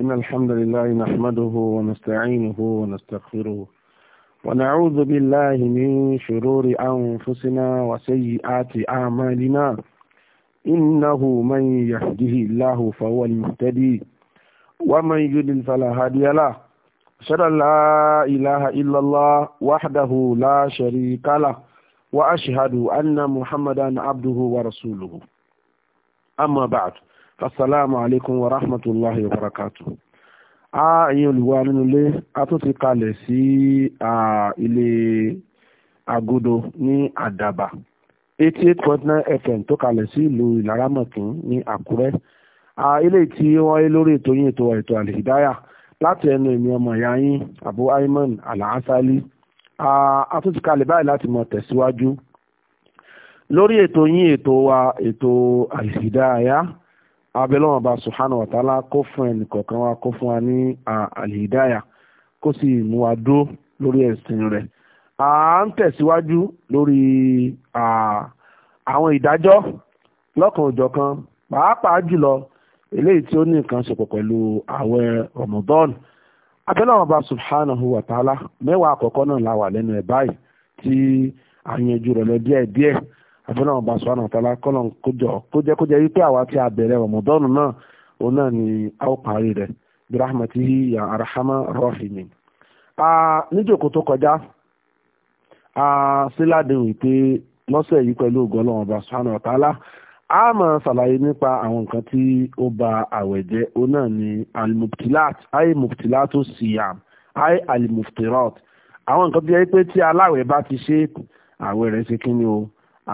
إن الحمد لله نحمده ونستعينه ونستغفره ونعوذ بالله من شرور أنفسنا وسيئات أعمالنا إنه من يهده الله فهو المهتدي ومن يضلل فلا هادي له أشهد أن لا إله إلا الله وحده لا شريك له وأشهد أن محمدا عبده ورسوله أما بعد asalaamu alaykum wa rahmatulahi wa barakatu. a ẹ̀yin olùwà nínú ilé a tún ti kalẹ̀ sí ilé agodo ní àdàbà eighty eight point nine fm tó kalẹ̀ sí ìlú ìlaramọ̀kín ní àkúrẹ́ ilé tí wọ́n yé lórí ètò yín ètò ètò ẹnu èmi ọmọ ìyá yín abu ayman alhassali a tún ti kalẹ̀ báyìí láti mọ tẹ̀síwájú lórí ètò yín ètò wa ètò àlèhídáyà abẹ́lọ́wọ̀n bá subhanahu wa ta'ala kó fún ẹnì kọ̀ọ̀kan wa kó fún wa ní àlìdáyà kó sì mú wa dúró lórí ẹ̀sìn rẹ̀ à ń tẹ̀síwájú lórí àwọn ìdájọ́ lọ́kan òjọ̀kan pàápàá jùlọ eléyìí tí ó ní nǹkan ṣe pọ̀ pẹ̀lú àwẹ̀ Ramadan abẹ́lọ́wọ̀n bá subhanahu wa ta'ala mẹ́wàá àkọ́kọ́ náà la wà lẹ́nu ẹ̀ báyìí tí àyànjú rẹ̀ lọ díẹ̀díẹ̀ àbẹ́lẹ́ ọba sọ́nà àtàlà kọ́lọ̀ kójọ kójẹ́ kójẹ́ wípé àwa tí a bẹ̀rẹ̀ ọmọdọ́nù náà òun náà ni a ó parí rẹ̀ bí rahmatihi ya arahama rahimin. níjòkó tó kọjá a síládìí wípé lọ́sẹ̀ yìí pẹ̀lú ògọ́lọ́ ọba sọ́nà àtàlà a máa ṣàlàyé nípa àwọn nǹkan tí ó ba àwẹ̀ jẹ́ òun náà ni alimubtilat ayé mubtilatu siam, ayé alimuftirat àwọn nǹkan tó yẹ pé tí aláwẹ̀ bá ti ṣe àwẹ̀ rẹ̀ ṣe kí ni o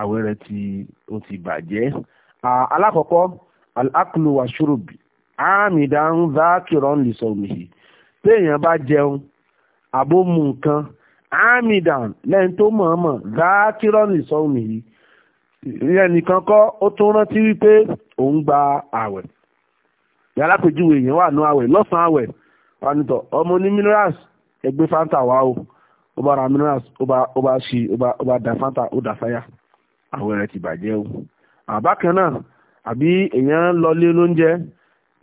àwẹ̀ rẹ̀ tí ó ti bàjẹ́ alákọ̀ọ́kọ́ alákùlù wà ṣúrùbì àmìdá ń dá kìrọ̀ ń lè sọ̀rọ̀ yìí téèyàn bá jẹun àbómu nǹkan àmìdá lẹ́yìn tó mọ̀ọ́mọ̀ dá kìrọ̀ ń lè sọ̀rọ̀ yìí ẹnìkan kọ́ ó tún rántí wípé òun gba àwẹ̀ yàrá pèjúwe èèyàn wà nú àwẹ̀ lọ́sàn-án àwẹ̀ panitọ ọmọ ní minerals ẹgbẹ́ fanta wa o ó bá ra minerals ó bá ṣí ó bá da fanta ó da fáyà àwẹ̀ rẹ̀ ti bàjẹ́ o àbákan náà àbí èèyàn lọlé lóúnjẹ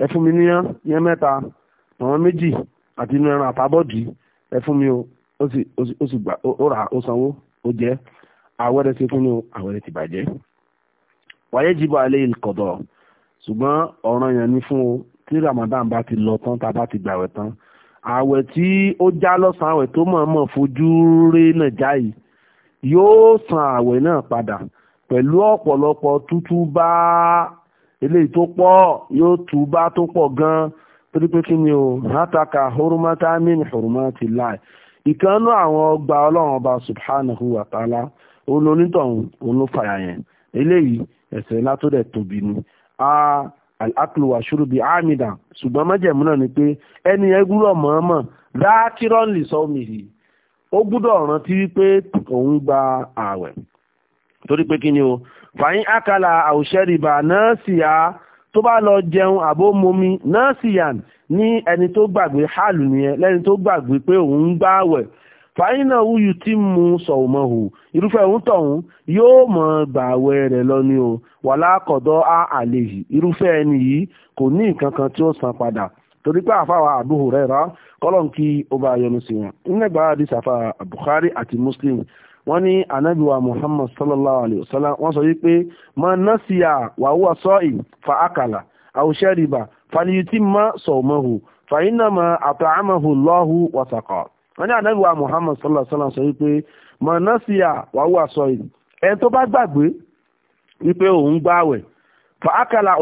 ẹ fún mi níyàn yẹn mẹ́ta àwọn méjì àti inú ẹran àtàbọ̀dì ẹ fún mi o ó sì ó sì gbà ó rà ó sanwó ó jẹ àwẹ̀ rẹ̀ ti fún mi o àwẹ̀ rẹ̀ ti bàjẹ́ wáyé jìbọ alẹ́ ìkọ̀dọ̀ ṣùgbọ́n ọ̀ràn yẹn ni fún o tí Ramadan bá ti lọ tán tá a bá ti gbàwẹ̀ tán àwẹ̀ tí ó já lọ́sàn-án àwẹ̀ tó mọ̀ọ́mọ̀ fojú rí náà já yìí yóò san àwẹ̀ náà padà pẹ̀lú ọ̀pọ̀lọpọ̀ tútú bá eléyìí tó pọ̀ yóò tú bá tó pọ̀ gan-an torí pé kí ni o látàkà hurumata min hurumati láì ìkànnú àwọn ọgbà ọlọ́run ọba subhanahu wa ta'ala olónítọ̀hún olófàyà yẹn eléyìí ẹ̀ṣẹ̀ ńlá tó dẹ̀ tóbi ni a al-aklu wa shurubi amida ṣùgbọ́n májẹ̀mú náà ni pé ẹni ẹgbúrọ̀ mọ̀ọ́mọ̀ dákírọ́ǹlì sọ́ọ̀mì yìí ó gbúdọ̀ rántí wípé òun gba ààwẹ̀ torí pé kí ni o fàyín akala àwòṣẹ́rìbà nọ́ọ̀sì a tó bá lọ jẹun àbómomi nọ́ọ̀sì yàn ní ẹni tó gbàgbé hàlù nìyẹn lẹ́ni tó gbàgbé pé òun ń gbààwẹ̀ fàyín náà wúyù tí mu sọ̀wọ́mọ̀ hù irúfẹ́ òun tọ̀hún yóò mọ̀ gbààwẹ̀ rẹ̀ lọ ni o wà lákọ̀dọ̀ á àlè yìí irúfẹ́ ẹni yìí kò ní nǹkan kan tí ó san padà torí pé àfàwà Abu Hurairah kọ́lọ́n kí ó bá yọ́nú sí wọn nígbà àdìsàfà Muslim wọ́n ní anabiwa muhammad sallallahu alayhi wasallam sallam wọ́n sọ wípé ma nasiya wa huwa sa'im fa akala aw shariba falyutimma sawmahu fa innama at'amahu Allahu wa saqa wọ́n ní anabiwa muhammad sallallahu alayhi wa sallam sọ wípé ma nasiya wa huwa sa'im ẹ̀ tó bá gbàgbé wípé òun gbààwẹ̀ fa akala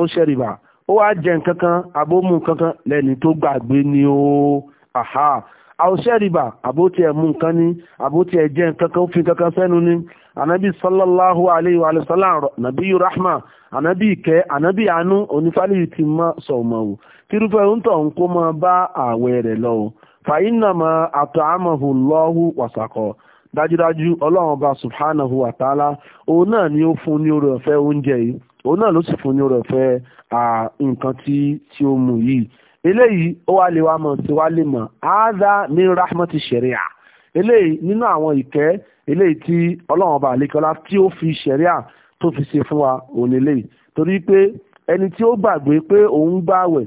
aha àwòṣẹ́rìbà àbótí ẹ̀mú nǹkan ní àbótí ẹ̀jẹ́ nǹkankan ó fi nǹkankan sẹ́nu ní anabi sallallahu alayhi wa sallam nàbí rahma anabi ìkẹ́ anabi àánú onífàlìyí ti mọ́ sọ̀mọ̀wò tírúfẹ́ ń tọ̀ ń kó máa bá ààwẹ̀ rẹ̀ lọ o fàyínàmọ́ àtọ̀hámọ̀hù lọ́hù wàsàkọ̀ dájúdájú ọlọ́run ọba subhanahu wa ta'ala òun náà ni ó fún ní oore ọ̀fẹ́ oúnjẹ yìí òun náà ló sì fún ní oore ọ̀fẹ́ nǹkan tí ó mú yìí eléyìí ó wá lè wá mọ̀ tí wá lè mọ̀ áádá ní rahmatu sharia eléyìí nínú àwọn ìkẹ́ eléyìí tí ọlọ́run ọba àlékọ́lá tí ó fi sharia tó fi ṣe fún wa òun eléyìí torí pé ẹni tí ó gbàgbé pé òun gbààwẹ̀